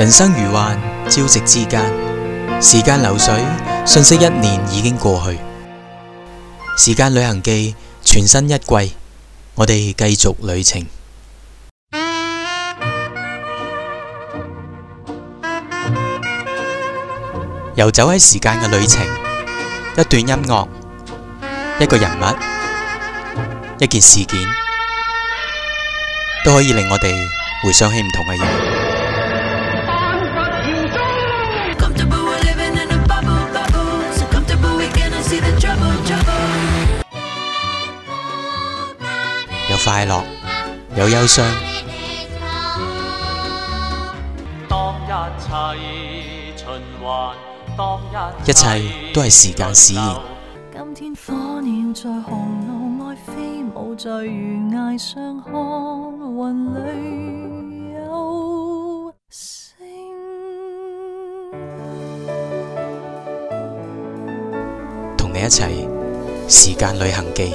人生如幻，朝夕之間，時間流水，瞬息一年已經過去。時間旅行記全新一季，我哋繼續旅程。遊走喺時間嘅旅程，一段音樂，一個人物，一件事件，都可以令我哋回想起唔同嘅嘢。快樂有憂傷，一切都係時間使然。同你一齊，時間旅行記。